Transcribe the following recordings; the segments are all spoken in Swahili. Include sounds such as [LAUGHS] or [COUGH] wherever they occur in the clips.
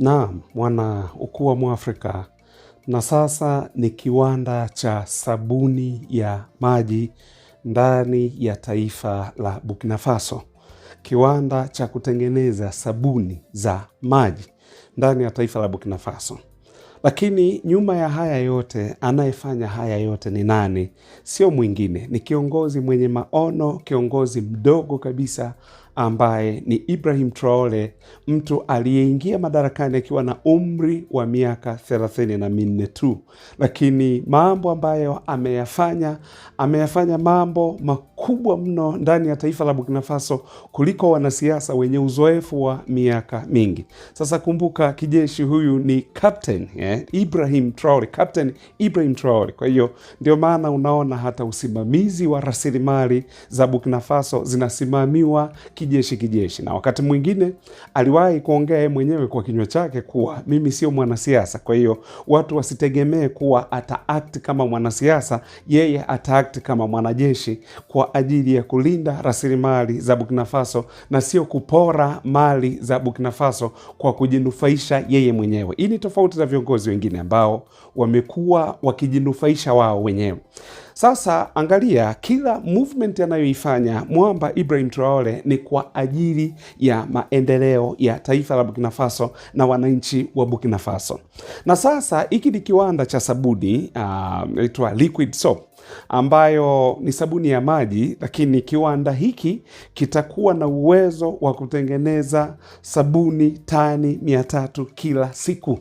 Naam, mwana ukuwa mwafrika na sasa ni kiwanda cha sabuni ya maji ndani ya taifa la Burkina Faso, kiwanda cha kutengeneza sabuni za maji ndani ya taifa la Burkina Faso. Lakini nyuma ya haya yote, anayefanya haya yote ni nani? Sio mwingine, ni kiongozi mwenye maono, kiongozi mdogo kabisa ambaye ni Ibrahim Traore, mtu aliyeingia madarakani akiwa na umri wa miaka thelathini na minne tu, lakini mambo ambayo ameyafanya, ameyafanya mambo makubwa mno ndani ya taifa la Burkina Faso kuliko wanasiasa wenye uzoefu wa miaka mingi. Sasa kumbuka, kijeshi huyu ni captain eh, Ibrahim Traore, captain Ibrahim Traore. Kwa hiyo ndio maana unaona hata usimamizi wa rasilimali za Burkina Faso zinasimamiwa kijeshi kijeshi, na wakati mwingine aliwahi kuongea yeye mwenyewe kwa kinywa chake kuwa mimi sio mwanasiasa, kwa hiyo watu wasitegemee kuwa ataact kama mwanasiasa, yeye ataact kama mwanajeshi kwa ajili ya kulinda rasilimali za Burkina Faso na sio kupora mali za Burkina Faso kwa kujinufaisha yeye mwenyewe. Hii ni tofauti na viongozi wengine ambao wamekuwa wakijinufaisha wao wenyewe. Sasa angalia kila movement anayoifanya mwamba Ibrahim Traore ni kwa ajili ya maendeleo ya taifa la Burkina Faso na wananchi wa Burkina Faso. Na sasa hiki ni kiwanda cha sabuni ah, inaitwa uh, Liquid Soap ambayo ni sabuni ya maji, lakini kiwanda hiki kitakuwa na uwezo wa kutengeneza sabuni tani mia tatu kila siku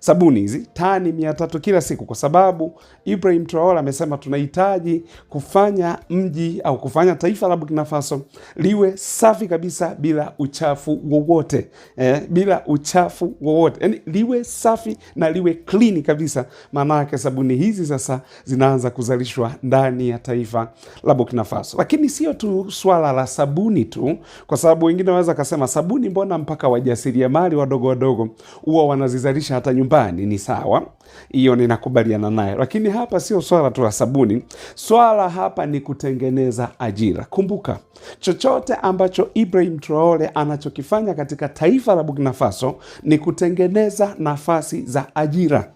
sabuni hizi tani mia tatu kila siku, kwa sababu Ibrahim Traore amesema tunahitaji kufanya mji au kufanya taifa la Burkina Faso liwe safi kabisa bila uchafu wowote eh, bila uchafu wowote yani liwe safi na liwe clean kabisa. Maana yake sabuni hizi sasa zinaanza kuzalishwa ndani ya taifa la Burkina Faso, lakini sio tu swala la sabuni tu, kwa sababu wengine wanaweza kasema sabuni, mbona mpaka wajasiriamali wadogo wadogo huwa wanazizalisha hata nyumbani nyumbani ni sawa, hiyo ninakubaliana naye, lakini hapa sio swala tu la sabuni. Swala hapa ni kutengeneza ajira. Kumbuka, chochote ambacho Ibrahim Traore anachokifanya katika taifa la Burkina Faso ni kutengeneza nafasi za ajira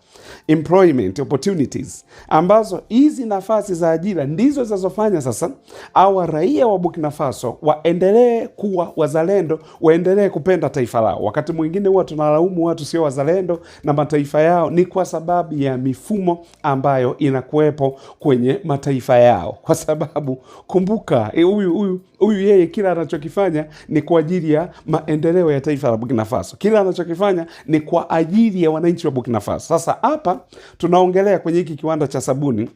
employment opportunities, ambazo hizi nafasi za ajira ndizo zinazofanya sasa awa raia wa Burkina Faso waendelee kuwa wazalendo, waendelee kupenda taifa lao. Wakati mwingine huwa tunalaumu watu sio wazalendo na mataifa yao, ni kwa sababu ya mifumo ambayo inakuwepo kwenye mataifa yao, kwa sababu kumbuka eh, huyu e, huyu huyu yeye kila anachokifanya ni kwa ajili ya maendeleo ya taifa la Burkina Faso, kila anachokifanya ni kwa ajili ya wananchi wa Burkina Faso. Sasa hapa tunaongelea kwenye hiki kiwanda cha sabuni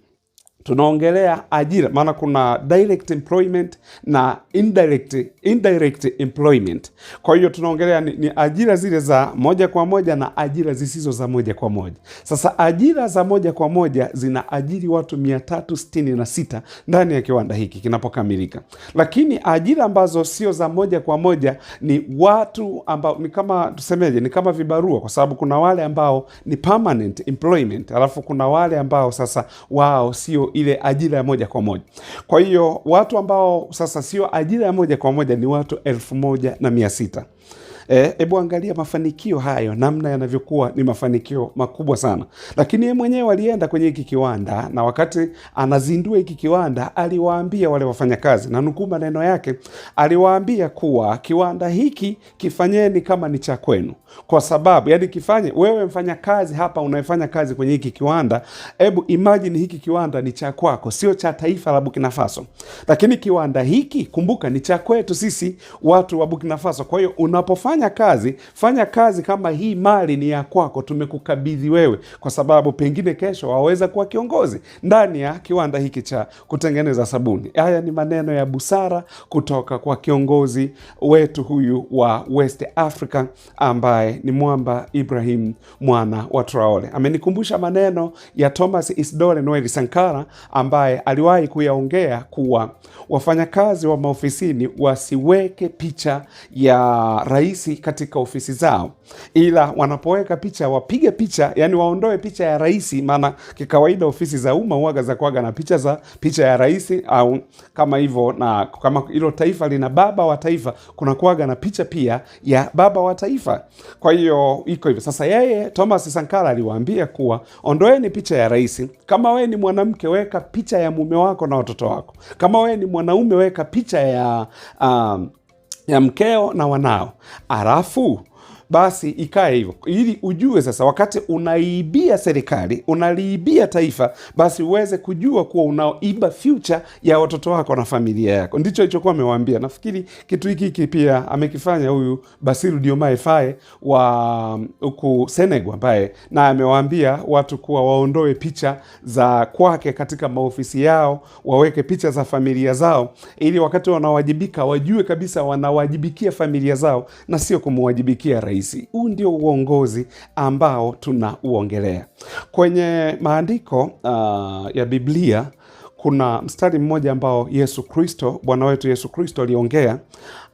tunaongelea ajira, maana kuna direct employment na indirect, indirect employment. Kwa hiyo tunaongelea ni, ni ajira zile za moja kwa moja na ajira zisizo za moja kwa moja. Sasa ajira za moja kwa moja zina ajiri watu 366 ndani ya kiwanda hiki kinapokamilika, lakini ajira ambazo sio za moja kwa moja ni watu ambao ni kama tusemeje, ni kama vibarua, kwa sababu kuna wale ambao ni permanent employment, alafu kuna wale ambao sasa wao sio ile ajira ya moja kwa moja. Kwa hiyo watu ambao sasa sio ajira ya moja kwa moja ni watu elfu moja na mia sita. Eh, hebu e, angalia mafanikio hayo namna yanavyokuwa ni mafanikio makubwa sana, lakini yeye mwenyewe alienda kwenye hiki kiwanda, na wakati anazindua hiki kiwanda aliwaambia wale wafanyakazi, na nukuu maneno yake, aliwaambia kuwa kiwanda hiki kifanyeni kama ni cha kwenu, kwa sababu yani kifanye wewe mfanyakazi hapa unayefanya kazi kwenye hiki kiwanda, hebu imagine hiki kiwanda ni cha kwako, sio cha taifa la Burkina Faso, lakini kiwanda hiki kumbuka, ni cha kwetu sisi watu wa Burkina Faso. Kwa hiyo unapofanya fanya kazi, fanya kazi kama hii mali ni ya kwako, tumekukabidhi wewe, kwa sababu pengine kesho waweza kuwa kiongozi ndani ya kiwanda hiki cha kutengeneza sabuni. Haya ni maneno ya busara kutoka kwa kiongozi wetu huyu wa West Africa ambaye ni mwamba Ibrahim mwana wa Traore. Amenikumbusha maneno ya Thomas Isidore Noeli Sankara ambaye aliwahi kuyaongea kuwa wafanyakazi wa maofisini wasiweke picha ya rais rais katika ofisi zao, ila wanapoweka picha wapige picha, yani waondoe picha ya rais. Maana kikawaida ofisi za umma huaga za kuaga na picha za picha ya rais au kama hivyo, na kama hilo taifa lina baba wa taifa, kuna kuaga na picha pia ya baba wa taifa. Kwa hiyo iko hivyo. Sasa yeye Thomas Sankara aliwaambia kuwa ondoeni picha ya rais. Kama wewe ni mwanamke, weka picha ya mume wako na watoto wako. Kama wewe ni mwanaume, weka picha ya um, ya mkeo na wanao, alafu basi ikae hivyo, ili ujue sasa, wakati unaiibia serikali, unaliibia taifa, basi uweze kujua kuwa unaoiba future ya watoto wako na familia yako. Ndicho alichokuwa amewaambia. Nafikiri kitu hiki hiki pia amekifanya huyu Basiru Diomaye Faye wa um, huku Senegal, ambaye na amewaambia watu kuwa waondoe picha za kwake katika maofisi yao, waweke picha za familia zao, ili wakati wanawajibika wajue kabisa wanawajibikia familia zao na sio kumwajibikia rais halisi. Huu ndio uongozi ambao tunauongelea kwenye maandiko uh, ya Biblia kuna mstari mmoja ambao Yesu Kristo, Bwana wetu Yesu Kristo aliongea,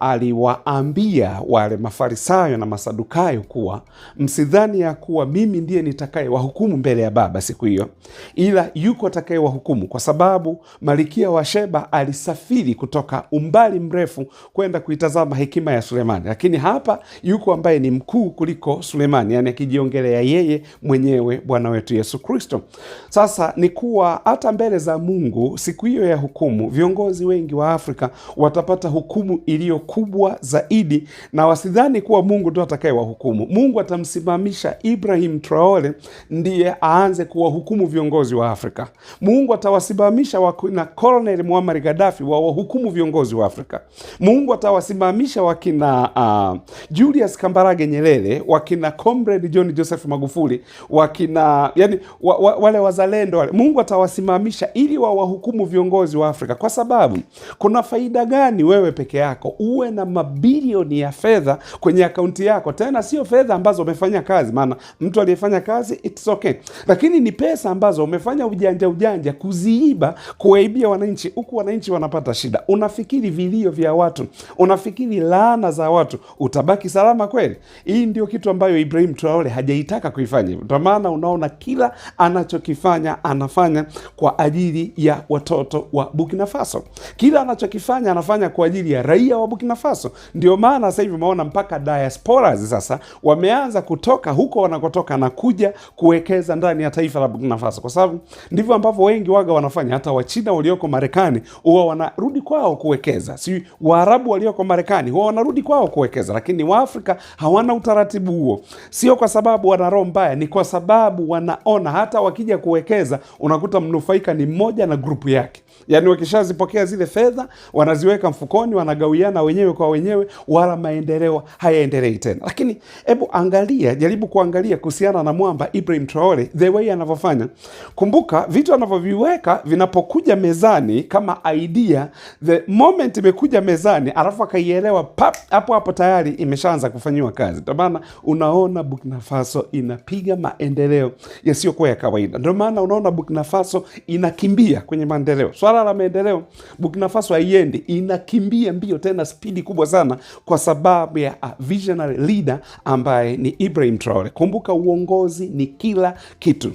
aliwaambia wale Mafarisayo na Masadukayo kuwa msidhani ya kuwa mimi ndiye nitakaye wahukumu mbele ya Baba siku hiyo, ila yuko atakaye wahukumu, kwa sababu Malikia wa Sheba alisafiri kutoka umbali mrefu kwenda kuitazama hekima ya Sulemani, lakini hapa yuko ambaye ni mkuu kuliko Sulemani, yani akijiongelea yeye mwenyewe Bwana wetu Yesu Kristo. Sasa ni kuwa hata mbele za Mungu Mungu siku hiyo ya hukumu, viongozi wengi wa Afrika watapata hukumu iliyo kubwa zaidi, na wasidhani kuwa Mungu ndo wahukumu Mungu atamsimamisha Ibrahim Traore ndiye aanze kuwahukumu viongozi wa Afrika. Mungu atawasimamisha wakina Colonel Muammar Gaddafi wawahukumu viongozi wa Afrika. Mungu atawasimamisha wakina uh, Julius Kambarage Nyerere, wakina Comrade John Joseph Magufuli, wakina yani, wa, wa, wale wazalendo wale. Mungu atawasimamisha ili wa kuwahukumu viongozi wa Afrika, kwa sababu kuna faida gani wewe peke yako uwe na mabilioni ya fedha kwenye akaunti yako, tena sio fedha ambazo umefanya kazi, maana mtu aliyefanya kazi it's okay, lakini ni pesa ambazo umefanya ujanja ujanja kuziiba, kuwaibia wananchi, huku wananchi wanapata shida. Unafikiri vilio vya watu, unafikiri laana za watu, utabaki salama kweli? Hii ndio kitu ambayo Ibrahim Traore hajaitaka kuifanya, ndio maana unaona kila anachokifanya anafanya kwa ajili ya ya watoto wa Burkina Faso. Kila anachokifanya anafanya kwa ajili ya raia wa Burkina Faso. Ndio maana sasa hivi umeona mpaka diasporas sasa wameanza kutoka huko wanakotoka na kuja kuwekeza ndani ya taifa la Burkina Faso, kwa sababu ndivyo ambavyo wengi waga wanafanya. Hata Wachina walioko Marekani huwa wanarudi kwao kuwekeza, si Waarabu walioko Marekani huwa wanarudi kwao kuwekeza, lakini Waafrika hawana utaratibu huo. Sio kwa sababu wana roho mbaya, ni kwa sababu wanaona hata wakija kuwekeza unakuta mnufaika ni mmoja na grupo IEC. Yaani wakishazipokea zile fedha wanaziweka mfukoni, wanagawiana wenyewe kwa wenyewe, wala maendeleo hayaendelei tena. Lakini hebu angalia, jaribu kuangalia kuhusiana na mwamba Ibrahim Traore, the way anavyofanya. Kumbuka vitu anavyoviweka vinapokuja mezani kama idea, the moment imekuja mezani alafu akaielewa pap, hapo hapo tayari imeshaanza kufanyiwa kazi. Ndio maana unaona Burkina Faso inapiga maendeleo yasiyokuwa ya kawaida. Ndio maana unaona Burkina Faso inakimbia kwenye maendeleo. Swala la maendeleo, Burkina Faso haiendi, inakimbia mbio tena spidi kubwa sana, kwa sababu ya uh, visionary leader ambaye ni Ibrahim Traore. Kumbuka uongozi ni kila kitu.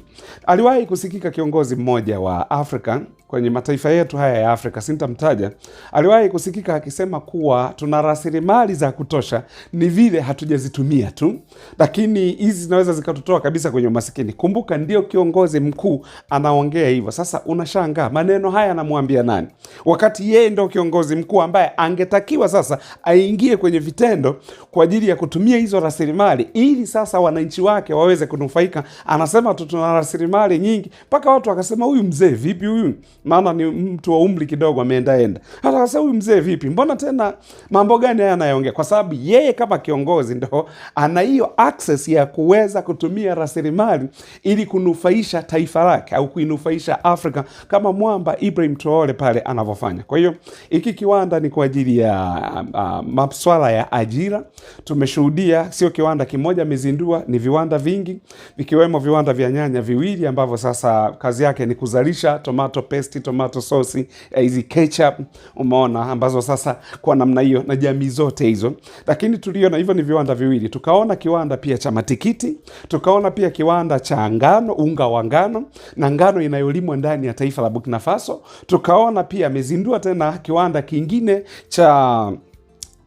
Aliwahi kusikika kiongozi mmoja wa Afrika kwenye mataifa yetu haya ya Afrika, sintamtaja, aliwahi kusikika akisema kuwa tuna rasilimali za kutosha, ni vile hatujazitumia tu, lakini hizi zinaweza zikatutoa kabisa kwenye umasikini. Kumbuka, ndio kiongozi mkuu anaongea hivyo. Sasa unashangaa maneno haya anamwambia nani, wakati yeye ndio kiongozi mkuu ambaye angetakiwa sasa aingie kwenye vitendo kwa ajili ya kutumia hizo rasilimali ili sasa wananchi wake waweze kunufaika. Anasema tu tuna rasilimali nyingi, mpaka watu wakasema, huyu mzee vipi huyu maana ni mtu wa umri kidogo ameendaenda. Hata sasa huyu mzee vipi, mbona tena mambo gani haya anayoongea? Kwa sababu yeye kama kiongozi ndo ana hiyo akses ya kuweza kutumia rasilimali ili kunufaisha taifa lake au kuinufaisha Afrika kama mwamba Ibrahim toole pale anavyofanya. Kwa hiyo hiki kiwanda ni kwa ajili ya uh, maswala ya ajira. Tumeshuhudia sio kiwanda kimoja amezindua, ni viwanda vingi vikiwemo viwanda vya nyanya viwili ambavyo sasa kazi yake ni kuzalisha tomato paste paste, tomato sauce, eh, hizi ketchup, umeona, ambazo sasa kwa namna hiyo na jamii zote hizo, lakini tuliona hivyo ni viwanda viwili, tukaona kiwanda pia cha matikiti, tukaona pia kiwanda cha ngano, unga wa ngano na ngano inayolimwa ndani ya taifa la Burkina Faso, tukaona pia amezindua tena kiwanda kingine cha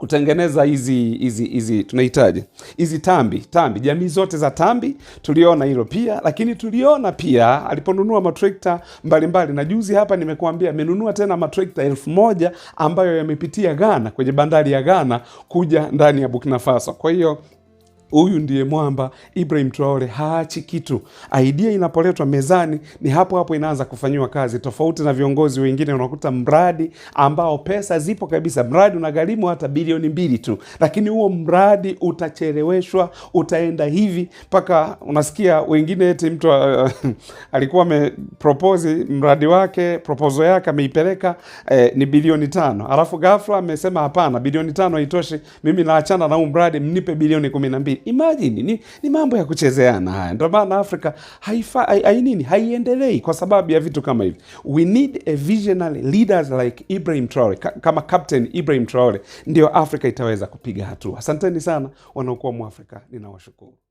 kutengeneza hizi hizi hizi tunahitaji hizi tambi tambi, jamii zote za tambi tuliona hilo pia, lakini tuliona pia aliponunua matrekta mbalimbali, na juzi hapa nimekuambia amenunua tena matrekta elfu moja ambayo yamepitia Ghana, kwenye bandari ya Ghana kuja ndani ya Burkina Faso. Kwa hiyo Huyu ndiye mwamba Ibrahim Traore, haachi kitu. Idea inapoletwa mezani ni hapo hapo inaanza kufanyiwa kazi, tofauti na viongozi wengine. Unakuta mradi ambao pesa zipo kabisa, mradi unagharimu hata bilioni mbili tu, lakini huo mradi utacheleweshwa, utaenda hivi mpaka unasikia wengine eti mtu uh, [LAUGHS] alikuwa amepropose mradi wake, proposal yake ameipeleka eh, ni bilioni tano, alafu ghafla amesema hapana, bilioni tano haitoshi, mimi naachana na huu mradi, mnipe bilioni kumi na mbili. Imagine ni, ni mambo ya kuchezeana haya. Ndio maana Afrika haifa hai, nini haiendelei kwa sababu ya vitu kama hivi. We need a visionary leaders like Ibrahim Traore kama Captain Ibrahim Traore, ndio Afrika itaweza kupiga hatua. Asanteni sana wanaokuwa Mwafrika, ninawashukuru.